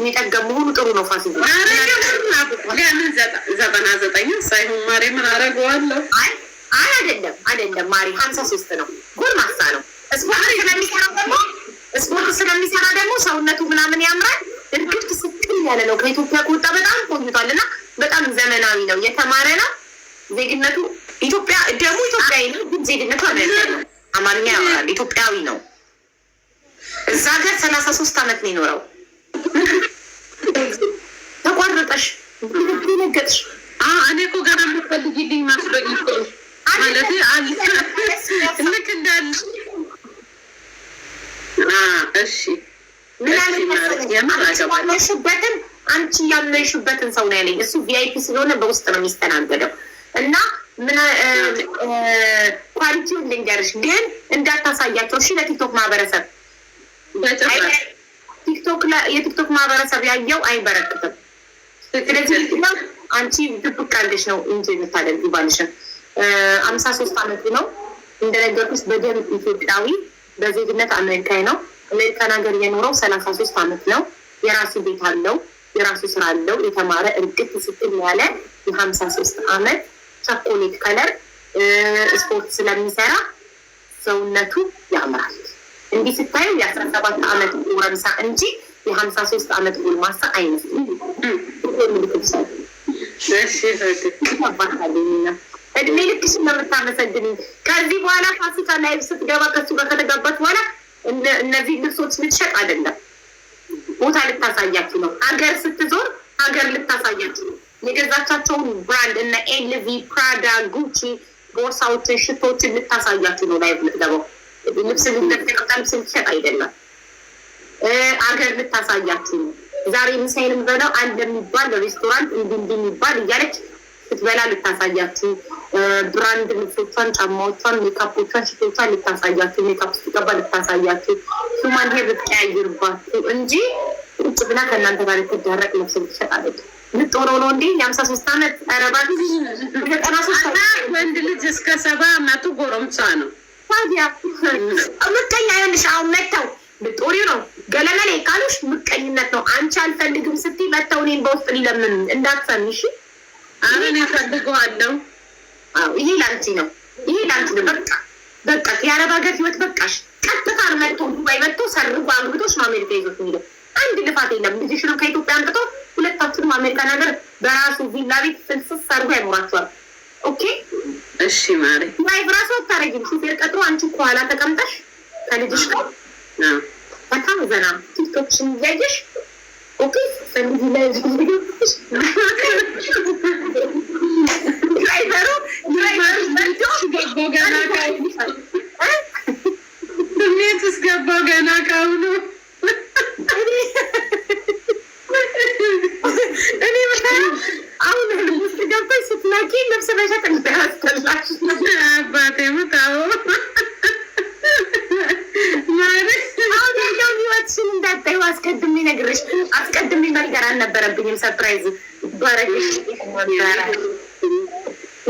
የሚጠገሙ ሁሉ ጥሩ ነው። ፋሲ ለምን ዘጠና ዘጠኝ ሳይሆን ማሪ ምን አረገዋለሁ? አይ አይደለም አይደለም፣ ማሪ ሀምሳ ሶስት ነው። ጎልማሳ ነው። ስፖርት ስለሚሰራ ደግሞ ስፖርት ስለሚሰራ ደግሞ ሰውነቱ ምናምን ያምራል። እርግድ ስትል ያለ ነው። ከኢትዮጵያ ከወጣ በጣም ቆይቷል እና በጣም ዘመናዊ ነው። የተማረ ነው። ዜግነቱ ኢትዮጵያ ደግሞ ኢትዮጵያዊ ነው፣ ግን ዜግነቱ አማርኛ ያወራል። ኢትዮጵያዊ ነው። እዛ ሀገር ሰላሳ ሶስት አመት ነው የኖረው። እኔ እኮ ገና የምትፈልጊልኝ ማለት ልክ እንዳለ እሺ ያመሽበትን አንቺ ያመሽበትን ሰው ነው ያለኝ። እሱ ቪአይፒ ስለሆነ በውስጥ ነው የሚስተናገደው እና ኳሊቲውን ልንገርሽ ግን እንዳታሳያቸው። እሺ ለቲክቶክ ማህበረሰብ የቲክቶክ ማህበረሰብ ያየው አይበረክትም። ስለዚህማ አንቺ ድብቅ አለሽ ነው እንጂ የምታደርጊ ባልሽን አምሳ ሶስት አመቱ ነው እንደነገርኩሽ በደም ኢትዮጵያዊ በዜግነት አሜሪካዊ ነው። አሜሪካን ሀገር የኖረው ሰላሳ ሶስት አመት ነው። የራሱ ቤት አለው፣ የራሱ ስራ አለው። የተማረ እርግጥ ስጥል ያለ የሀምሳ ሶስት አመት ቸኮሌት ከለር ስፖርት ስለሚሰራ ሰውነቱ ያምራል። እንዲህ ስታየው የአስራ ሰባት አመት ጎረምሳ እንጂ የሀምሳ ሶስት አመት ጎልማሳ አይመስልም። እድሜ ልክሽን ነው የምታመሰግኝ። ከዚህ በኋላ ፋሲካ ላይቭ ስትገባ ከሱ ጋር ከተጋባት በኋላ እነዚህ ልብሶች ልትሸጥ አይደለም፣ ቦታ ልታሳያችሁ ነው። ሀገር ስትዞር ሀገር ልታሳያችሁ ነው። የገዛቻቸውን ብራንድ እና ኤልቪ፣ ፕራዳ፣ ጉቺ ቦርሳዎችን፣ ሽቶችን ልታሳያችሁ ነው። ላይ ምትገባው ልብስ ልትሸጥ አይደለም፣ ሀገር ልታሳያችሁ ነው። ዛሬ ምሳይን የምበላው አንድ የሚባል ሬስቶራንት እንዲህ እንዲህ የሚባል እያለች ስትበላ ልታሳያችሁ፣ ብራንድ ልብሶቿን፣ ጫማዎቿን፣ ሜካፖቿን፣ ሽቶቿን ልታሳያችሁ፣ ሜካፕ ስትቀባ ልታሳያችሁ፣ ሱማን ሄር ልትቀያይርባችሁ እንጂ ቁጭ ብላ ከእናንተ ጋር ልትዳረቅ ልብስ ልትሸጣለች። ልጦሮ ነው እንዴ? የአምሳ ሶስት አመት ወንድ ልጅ እስከ ሰባ አመቱ ጎረምሳ ነው ታዲያ ምቀኛ ይሆንሽ አሁን መተው ብጦሪው ነው ገለመሌ ካሉሽ ምቀኝነት ነው። አንቺ አልፈልግም ስቲ መተው እኔን በውስጥ ሊለምን እንዳትሰሚ እሺ። አሁን እፈልገዋለሁ። ይሄ ላንቺ ነው፣ ይሄ ላንቺ ነው። በቃ በቃ የአረብ ሀገር ህይወት በቃሽ። ቀጥታ መጥቶ ዱባይ መጥቶ ሰርጎ አንግቶች ነው አሜሪካ ይዞት የሚለው አንድ ልፋት የለም። ነው ከኢትዮጵያ አንጥቶ ሁለታችንም አሜሪካ ነገር በራሱ ቪላ ቤት ፍልስስ ሰርጎ ያኖራቸዋል። ኦኬ እሺ። ማሬ ላይፍ ራሱ አታረጊም። ሹፌር ቀጥሮ አንቺ ከኋላ ተቀምጠሽ ከልጅሽ ጋር በጣም ዘና ቲክቶክሽን እያየሽ ኦኬ ገና ካሁኑ አልነበረብኝም። ሰርፕራይዝ ባረግሽ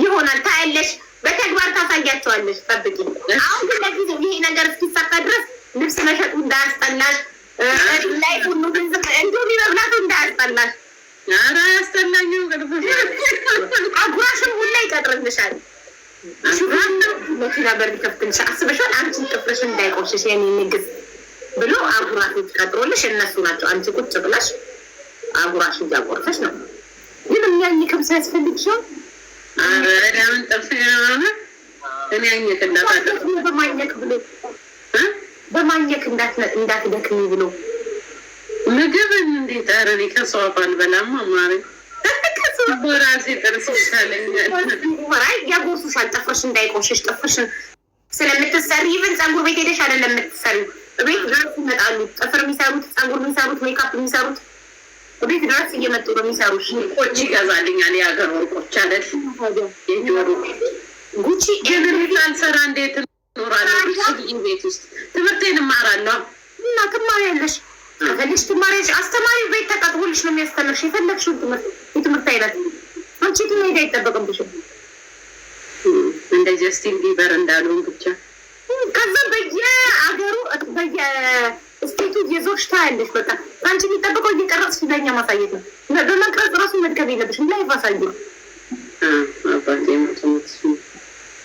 ይሆናል ታያለሽ። በተግባር ታሳያቸዋለሽ። ጠብቂ። አሁን ግን ለጊዜው ይሄ ነገር እስኪሳካ ድረስ ልብስ መሸጡ እንዳያስጠላሽ፣ ላይ ሁሉ ገንዘብ እንዲሁም መብላቱ እንዳያስጠላሽ። ኧረ ያስጠላኝ አጉራሽም ሁላ ይቀጥርልሻል። መኪና በር ይከፍትልሻል። አስበሻል። አንቺን ጥፍርሽ እንዳይቆሽሽ የኔ ንግስት ብሎ አጉራት ቀጥሮልሽ እነሱ ናቸው። አንቺ ቁጭ ብለሽ አጉራሽ እያቆርጠች ነው። ግን የሚያኝክም ሳያስፈልግ ሲሆን ረዳምን ጥርስ በማኘክ ብሎ በማኘክ እንዳትደክሚ ብሎ ምግብ እንዲጠርን አረኔ በላም አማሪ ራሴ ጥርስ ይሻለኛል። ያጎርሱሻል ጥፍርሽ እንዳይቆሽሽ ጥፍርሽን ስለምትሰሪ ይብን ፀጉር ቤት ሄደሽ አይደለም የምትሰሪው ቤት ይመጣሉ ጥፍር የሚሰሩት ፀጉር የሚሰሩት ሜካፕ የሚሰሩት ቤት ድረስ እየመጡ ነው የሚሰሩ። ቆጭ ይገዛልኛል የሀገር ወርቆች አይደል? ጉቺ ሳልሰራ እንዴት እኖራለሁ ቤት ውስጥ? ትምህርቴን እማራለሁ እና ትማሪ ያለሽ ከፈለግሽ ትማሪያለሽ። አስተማሪ ቤት ተቀጥቦልሽ ነው የሚያስተምርሽ የፈለግሽውን ትምህርት የትምህርት አይነት አንቺ ትሄድ አይጠበቅብሽም። እንደ ጀስቲን ቢበር እንዳሉን ብቻ ከዛ በየአገሩ በየ ፎቶሽ ታያለሽ። በቃ አንቺ የሚጠበቀው እየቀረጽሽ ለኛ ማሳየት ነው። በመቅረጽ ራሱ መድከብ የለብሽም። ላይ አሳየ